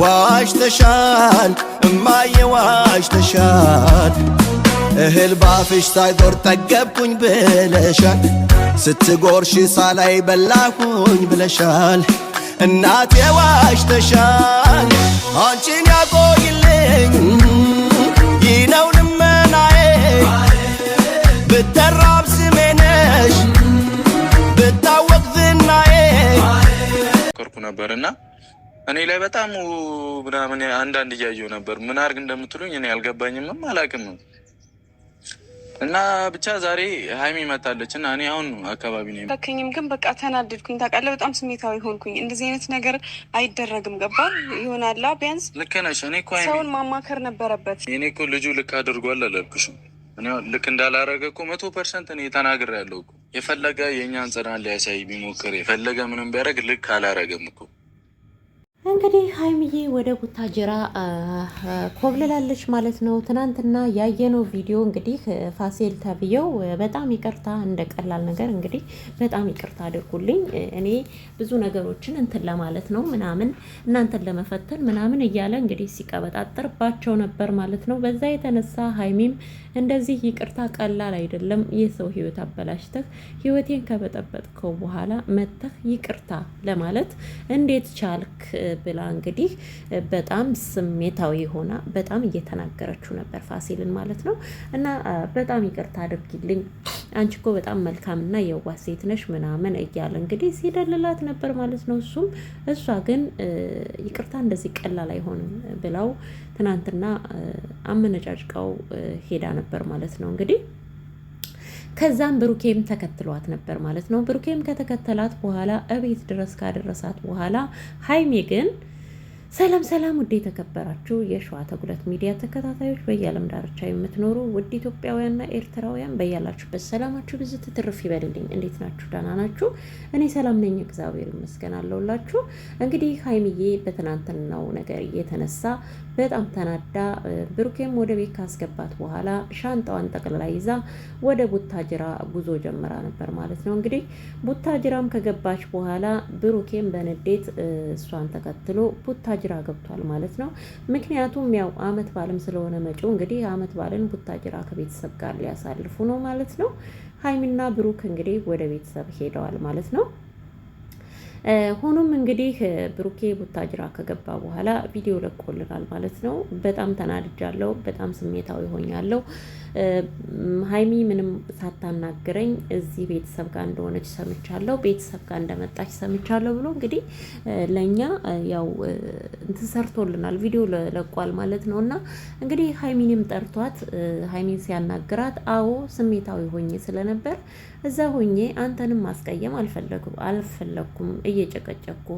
ዋሽተሻል እማዬ ዋሽተሻል እህል ባፍሽ ሳይዞር ጠገብኩኝ ብለሻል ስትጎርሽ ሳላይ በላኩኝ ብለሻል እናቴ ዋሽተሻል አንቺን ያቆይልኝ ይነው ልመናዬ ብተራብ ስሜነሽ ብታወቅ ዝናዬ ነበርና እኔ ላይ በጣም ምናምን አንዳንድ እያየሁ ነበር። ምን አድርግ እንደምትሉኝ እኔ አልገባኝምም አላውቅም። እና ብቻ ዛሬ ሀይሚ ይመጣለች እና እኔ አሁን አካባቢ ነው በከኝም ግን በቃ ተናደድኩኝ። ታውቃለህ፣ በጣም ስሜታዊ ሆንኩኝ። እንደዚህ አይነት ነገር አይደረግም። ገባል ይሆናላ። ቢያንስ ልክ ነሽ። እኔ እኮ ሰውን ማማከር ነበረበት። እኔ እኮ ልጁ ልክ አድርጓል አላልኩሽም? እኔ ልክ እንዳላረገ እኮ መቶ ፐርሰንት እኔ ተናግሬያለሁ እኮ። የፈለገ የእኛን ጽናት ሊያሳይ ቢሞክር የፈለገ ምንም ቢያደርግ ልክ አላረገም እኮ እንግዲህ ሀይሚዬ ወደ ቡታጅራ ኮብልላለች ማለት ነው። ትናንትና ያየነው ቪዲዮ እንግዲህ ፋሲል ተብዬው በጣም ይቅርታ እንደ ቀላል ነገር እንግዲህ በጣም ይቅርታ አድርጉልኝ፣ እኔ ብዙ ነገሮችን እንትን ለማለት ነው ምናምን እናንተን ለመፈተን ምናምን እያለ እንግዲህ ሲቀበጣጠርባቸው ነበር ማለት ነው። በዛ የተነሳ ሀይሚም እንደዚህ ይቅርታ ቀላል አይደለም፣ የሰው ህይወት አበላሽተህ ህይወቴን ከበጠበጥከው በኋላ መተህ ይቅርታ ለማለት እንዴት ቻልክ ብላ እንግዲህ በጣም ስሜታዊ ሆና በጣም እየተናገረችው ነበር ፋሲልን ማለት ነው። እና በጣም ይቅርታ አድርጊልኝ አንቺ እኮ በጣም መልካምና የዋህ ሴት ነሽ ምናምን እያለ እንግዲህ ሲደልላት ነበር ማለት ነው። እሱም እሷ ግን ይቅርታ እንደዚህ ቀላል አይሆንም ብላው ትናንትና አመነጫጭቃው ሄዳ ነበር ማለት ነው እንግዲህ ከዛም ብሩኬም ተከትሏት ነበር ማለት ነው። ብሩኬም ከተከተላት በኋላ እቤት ድረስ ካደረሳት በኋላ ሀይሜ ግን ሰላም ሰላም ውድ የተከበራችሁ የሸዋ ተጉለት ሚዲያ ተከታታዮች በየዓለም ዳርቻ የምትኖሩ ውድ ኢትዮጵያውያንና ኤርትራውያን በያላችሁበት ሰላማችሁ ብዙ ትትርፍ ይበልልኝ። እንዴት ናችሁ? ደህና ናችሁ? እኔ ሰላም ነኝ፣ እግዚአብሔር ይመስገን አለሁላችሁ። እንግዲህ ሀይሚዬ በትናንትናው ነገር የተነሳ በጣም ተናዳ ብሩኬም ወደ ቤት ካስገባት በኋላ ሻንጣዋን ጠቅልላ ይዛ ወደ ቡታጅራ ጉዞ ጀምራ ነበር ማለት ነው። እንግዲህ ቡታጅራም ከገባች በኋላ ብሩኬም በንዴት እሷን ተከትሎ ቡታ ቡታጅራ ገብቷል ማለት ነው። ምክንያቱም ያው አመት ባልም ስለሆነ መጪው እንግዲህ አመት ባልን ቡታጅራ ከቤተሰብ ጋር ሊያሳልፉ ነው ማለት ነው። ሀይሚና ብሩክ እንግዲህ ወደ ቤተሰብ ሄደዋል ማለት ነው። ሆኖም እንግዲህ ብሩኬ ቡታጅራ ከገባ በኋላ ቪዲዮ ለቆልናል ማለት ነው። በጣም ተናድጃለሁ፣ በጣም ስሜታዊ ሆኛለሁ። ሀይሚ ምንም ሳታናግረኝ እዚህ ቤተሰብ ጋር እንደሆነች ሰምቻለሁ፣ ቤተሰብ ጋር እንደመጣች ሰምቻለሁ ብሎ እንግዲህ ለእኛ ያው እንትን ሰርቶልናል፣ ቪዲዮ ለቋል ማለት ነው። እና እንግዲህ ሀይሚንም ጠርቷት ሀይሚን ሲያናግራት አዎ ስሜታዊ ሆኜ ስለነበር እዛ ሆኜ አንተንም ማስቀየም አልፈለግኩም እየጨቀጨኩ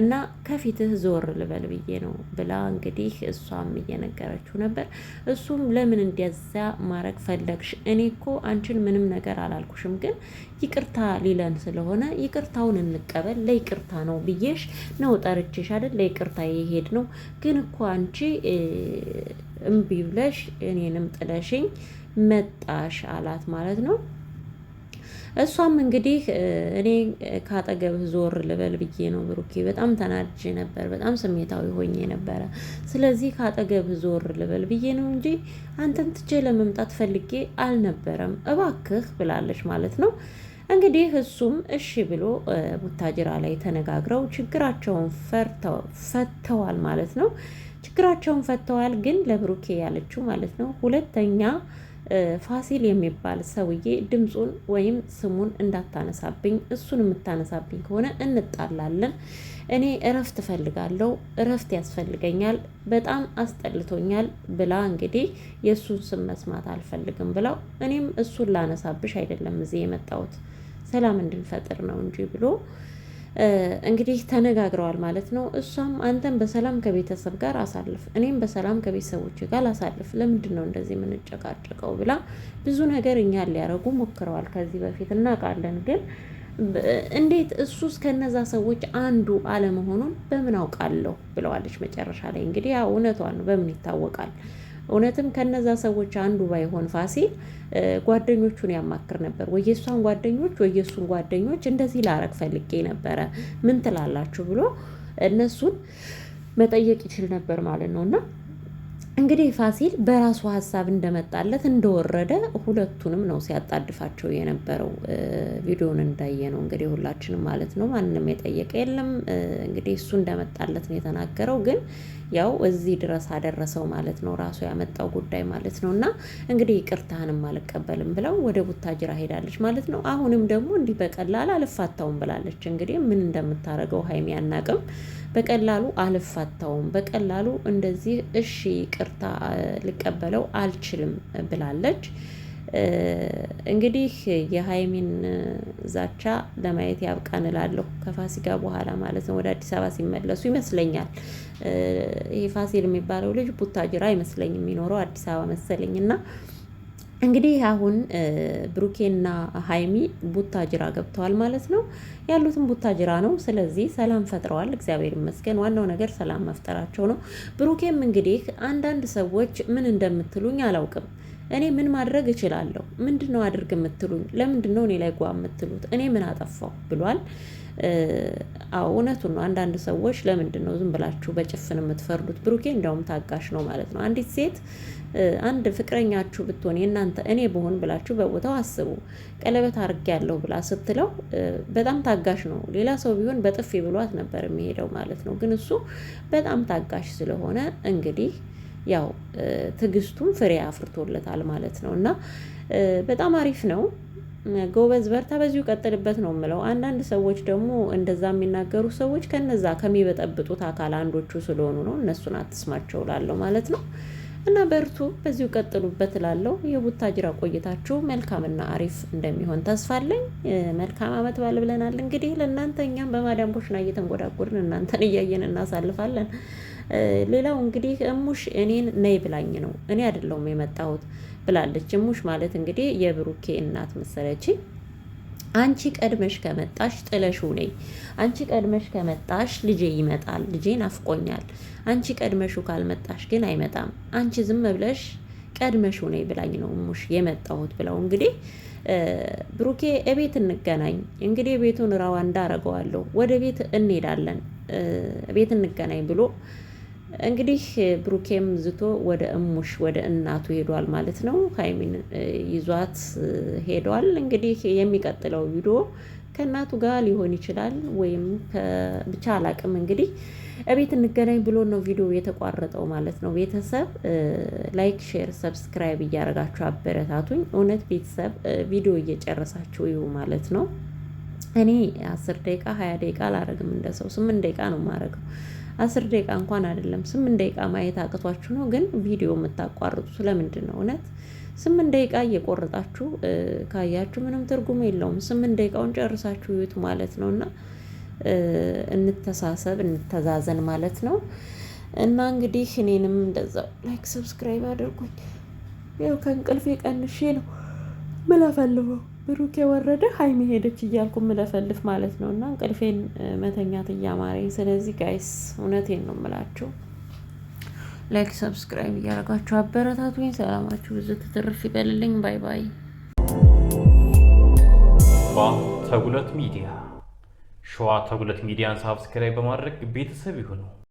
እና ከፊትህ ዞር ልበል ብዬ ነው ብላ እንግዲህ እሷም እየነገረችው ነበር። እሱም ለምን እንደዛ ማድረግ ፈለግሽ? እኔ እኮ አንቺን ምንም ነገር አላልኩሽም፣ ግን ይቅርታ ሊለን ስለሆነ ይቅርታውን እንቀበል ለይቅርታ ነው ብዬሽ ነው ጠርቼሽ አይደል? ለይቅርታ የሄድ ነው ግን እኮ አንቺ እምቢ ብለሽ እኔንም ጥለሽኝ መጣሽ አላት ማለት ነው። እሷም እንግዲህ እኔ ካጠገብህ ዞር ልበል ብዬ ነው ብሩኬ፣ በጣም ተናድጄ ነበር፣ በጣም ስሜታዊ ሆኜ ነበረ። ስለዚህ ካጠገብህ ዞር ልበል ብዬ ነው እንጂ አንተን ትቼ ለመምጣት ፈልጌ አልነበረም፣ እባክህ ብላለች ማለት ነው። እንግዲህ እሱም እሺ ብሎ ቡታጅራ ላይ ተነጋግረው ችግራቸውን ፈተዋል ማለት ነው። ችግራቸውን ፈተዋል። ግን ለብሩኬ ያለችው ማለት ነው ሁለተኛ ፋሲል የሚባል ሰውዬ ድምፁን ወይም ስሙን እንዳታነሳብኝ፣ እሱን የምታነሳብኝ ከሆነ እንጣላለን። እኔ እረፍት እፈልጋለሁ፣ እረፍት ያስፈልገኛል፣ በጣም አስጠልቶኛል ብላ እንግዲህ የእሱን ስም መስማት አልፈልግም ብለው እኔም እሱን ላነሳብሽ አይደለም እዚህ የመጣሁት ሰላም እንድንፈጥር ነው እንጂ ብሎ እንግዲህ ተነጋግረዋል ማለት ነው። እሷም አንተን በሰላም ከቤተሰብ ጋር አሳልፍ፣ እኔም በሰላም ከቤተሰቦች ጋር አሳልፍ፣ ለምንድን ነው እንደዚህ የምንጨቃጨቀው ብላ ብዙ ነገር እኛ ሊያረጉ ሞክረዋል ከዚህ በፊት እናውቃለን። ግን እንዴት እሱ ከነዛ ሰዎች አንዱ አለመሆኑን በምን አውቃለሁ ብለዋለች። መጨረሻ ላይ እንግዲህ ያው እውነቷን ነው፣ በምን ይታወቃል? እውነትም ከነዛ ሰዎች አንዱ ባይሆን ፋሲል ጓደኞቹን ያማክር ነበር። ወየሷን ጓደኞች ወየሱን ጓደኞች እንደዚህ ላረግ ፈልጌ ነበረ ምን ትላላችሁ ብሎ እነሱን መጠየቅ ይችል ነበር ማለት ነው እና እንግዲህ ፋሲል በራሱ ሀሳብ እንደመጣለት እንደወረደ ሁለቱንም ነው ሲያጣድፋቸው የነበረው። ቪዲዮን እንዳየ ነው እንግዲህ ሁላችንም ማለት ነው። ማንም የጠየቀ የለም። እንግዲህ እሱ እንደመጣለት ነው የተናገረው ግን ያው እዚህ ድረስ አደረሰው ማለት ነው፣ ራሱ ያመጣው ጉዳይ ማለት ነው። እና እንግዲህ ይቅርታህንም አልቀበልም ብለው ወደ ቡታጅራ ሄዳለች ማለት ነው። አሁንም ደግሞ እንዲህ በቀላል አልፋታውም ብላለች። እንግዲህ ምን እንደምታደርገው ሀይሚ አናቅም። በቀላሉ አልፋታውም፣ በቀላሉ እንደዚህ እሺ ይቅርታ ልቀበለው አልችልም ብላለች። እንግዲህ የሀይሚን ዛቻ ለማየት ያብቃን እላለሁ። ከፋሲካ በኋላ ማለት ነው፣ ወደ አዲስ አበባ ሲመለሱ ይመስለኛል። ይሄ ፋሲል የሚባለው ልጅ ቡታጅራ አይመስለኝ የሚኖረው አዲስ አበባ መሰለኝ እና እንግዲህ አሁን ብሩኬና ሀይሚ ቡታጅራ ገብተዋል ማለት ነው። ቡታ ቡታጅራ ነው። ስለዚህ ሰላም ፈጥረዋል፣ እግዚአብሔር ይመስገን። ዋናው ነገር ሰላም መፍጠራቸው ነው። ብሩኬም እንግዲህ አንዳንድ ሰዎች ምን እንደምትሉኝ አላውቅም እኔ ምን ማድረግ እችላለሁ? ምንድን ነው አድርግ የምትሉኝ? ለምንድን ነው እኔ ላይ ጓ የምትሉት? እኔ ምን አጠፋው ብሏል። አዎ እውነቱን ነው። አንዳንድ ሰዎች ለምንድን ነው ዝም ብላችሁ በጭፍን የምትፈርዱት? ብሩኬ እንዲያውም ታጋሽ ነው ማለት ነው። አንዲት ሴት አንድ ፍቅረኛችሁ ብትሆን የእናንተ እኔ ብሆን ብላችሁ በቦታው አስቡ። ቀለበት ያለው ብላ ስትለው በጣም ታጋሽ ነው። ሌላ ሰው ቢሆን በጥፌ ብሏት ነበር የሚሄደው ማለት ነው። ግን እሱ በጣም ታጋሽ ስለሆነ እንግዲህ ያው ትዕግስቱም ፍሬ አፍርቶለታል ማለት ነው እና በጣም አሪፍ ነው። ጎበዝ በርታ፣ በዚሁ ቀጥልበት ነው የምለው። አንዳንድ ሰዎች ደግሞ እንደዛ የሚናገሩ ሰዎች ከነዛ ከሚበጠብጡት አካል አንዶቹ ስለሆኑ ነው። እነሱን አትስማቸው ላለው ማለት ነው እና በርቱ፣ በዚሁ ቀጥሉበት ላለው የቡታጅራ ቆይታችሁ መልካምና አሪፍ እንደሚሆን ተስፋለኝ መልካም አመት ባል ብለናል እንግዲህ ለእናንተ እኛም በማዳም እየተንጎዳጎድን እናንተን እያየን እናሳልፋለን። ሌላው እንግዲህ እሙሽ እኔን ነይ ብላኝ ነው እኔ አይደለሁም የመጣሁት ብላለች። እሙሽ ማለት እንግዲህ የብሩኬ እናት መሰለች። አንቺ ቀድመሽ ከመጣሽ ጥለሽው ነይ፣ አንቺ ቀድመሽ ከመጣሽ ልጄ ይመጣል፣ ልጄ ናፍቆኛል፣ አንቺ ቀድመሽው ካልመጣሽ ግን አይመጣም፣ አንቺ ዝም ብለሽ ቀድመሽው ነይ ብላኝ ነው እሙሽ የመጣሁት ብለው እንግዲህ ብሩኬ እቤት እንገናኝ እንግዲህ ቤቱን ራዋ እንዳረገዋለሁ ወደ ቤት እንሄዳለን፣ ቤት እንገናኝ ብሎ እንግዲህ ብሩኬም ዝቶ ወደ እሙሽ ወደ እናቱ ሄዷል ማለት ነው። ሀይሚን ይዟት ሄዷል። እንግዲህ የሚቀጥለው ቪዲዮ ከእናቱ ጋር ሊሆን ይችላል ወይም ብቻ አላቅም። እንግዲህ እቤት እንገናኝ ብሎ ነው ቪዲዮ የተቋረጠው ማለት ነው። ቤተሰብ ላይክ፣ ሼር፣ ሰብስክራይብ እያደረጋችሁ አበረታቱኝ። እውነት ቤተሰብ ቪዲዮ እየጨረሳችሁ ይሁ ማለት ነው። እኔ አስር ደቂቃ ሀያ ደቂቃ አላረግም እንደሰው ስምንት ደቂቃ ነው የማረገው። አስር ደቂቃ እንኳን አይደለም ስምንት ደቂቃ ማየት አቅቷችሁ ነው ግን ቪዲዮ የምታቋርጡ ስለምንድን ነው? እውነት ስምንት ደቂቃ እየቆረጣችሁ ካያችሁ ምንም ትርጉም የለውም። ስምንት ደቂቃውን ጨርሳችሁ ይዩት ማለት ነው። እና እንተሳሰብ፣ እንተዛዘን ማለት ነው። እና እንግዲህ እኔንም እንደዛው ላይክ፣ ሰብስክራይብ አድርጉኝ። ያው ከእንቅልፌ ቀንሼ ነው ምላፈልበው ብሩክ የወረደ ሀይሚ ሄደች እያልኩ ምለፈልፍ ማለት ነው። እና እንቅልፌን መተኛት እያማረኝ ስለዚህ ጋይስ እውነቴን ነው የምላችሁ። ላይክ ሰብስክራይብ እያደረጋችሁ አበረታቱኝ። ሰላማችሁ ብዙ ትትርፍ ይበልልኝ። ባይ ባይ። ተጉለት ሚዲያ ሸዋ ተጉለት ሚዲያን ሳብስክራይብ በማድረግ ቤተሰብ ይሁኑ።